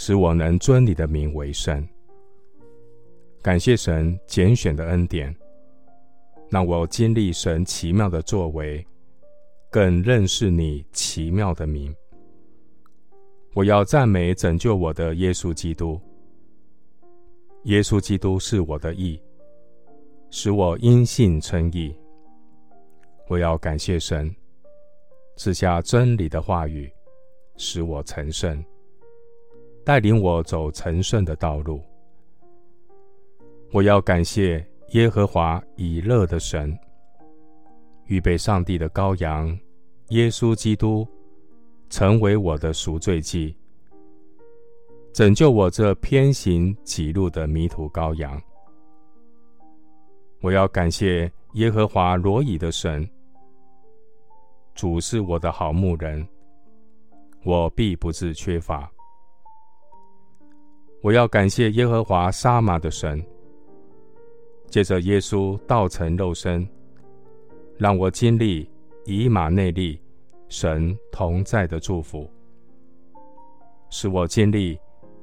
使我能尊你的名為聖，感謝神揀選的恩典，讓我經歷神奇妙的作為，更認識你奇妙的名。我要讚美拯救我的耶穌基督。耶穌基督是我的義，使我因信稱義。我要感謝神，賜下真理的話語，使我成聖。帶領我走成聖的道路。我要感謝耶和華以勒的神，預備上帝的羔羊耶穌基督，成為我的贖罪祭，拯救我這偏行己路的迷途羔羊。我要感謝耶和華羅以的神，主是我的好牧人，我必不致缺乏。我要感謝耶和華沙瑪的神。藉著，耶穌道成肉身，讓我經歷以馬內利神同在的祝福，使我經歷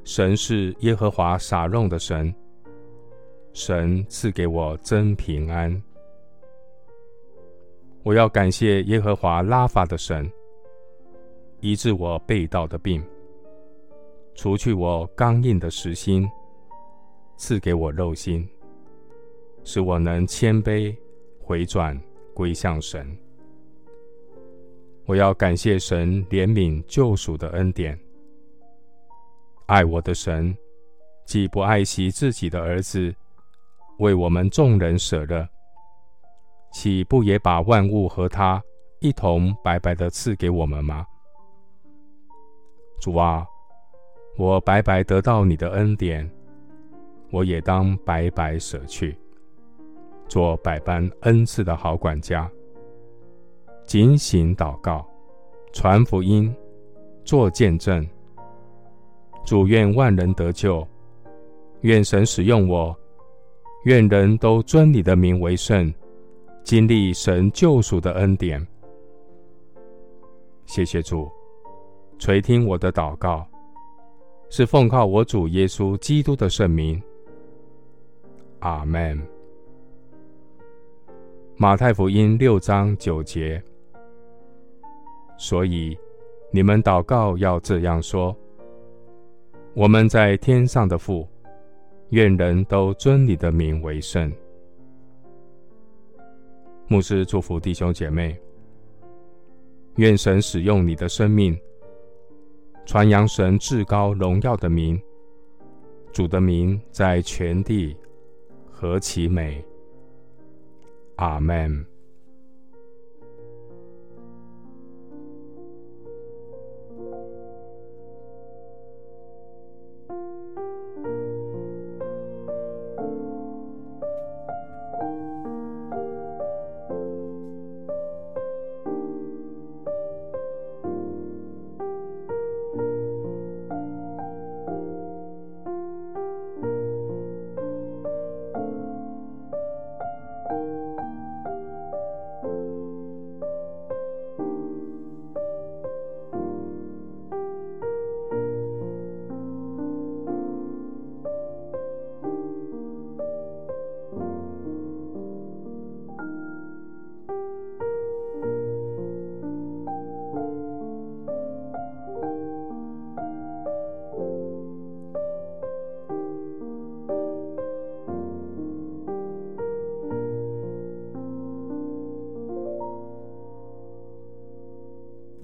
神是耶和華沙龍的神，神賜給我真平安。我要感謝耶和華拉法的神，醫治我背道的病。除去我剛硬的石心，賜給我肉心，使我能謙卑回轉歸向神。我要感謝神憐憫救贖的恩典。愛我的神，既不愛惜自己的兒子，為我們眾人舍了，豈不也把萬物和他一同白白的賜給我們嗎？主啊！我白白得到你的恩典，我也當白白捨去，做百般恩賜的好管家。警醒禱告，傳福音，做見證。主願萬人得救，願神使用我，願人都尊你的名為聖，經歷神救贖的恩典。謝謝主，垂聽我的禱告。是奉靠我主耶穌基督的聖名，阿門。馬太福音六章九節，所以你們禱告要這樣說：我們在天上的父，願人都尊你的名為聖。牧師祝福弟兄姐妹，願神使用你的生命。傳揚神至高榮耀的名，主的名在全地，何其美！阿門。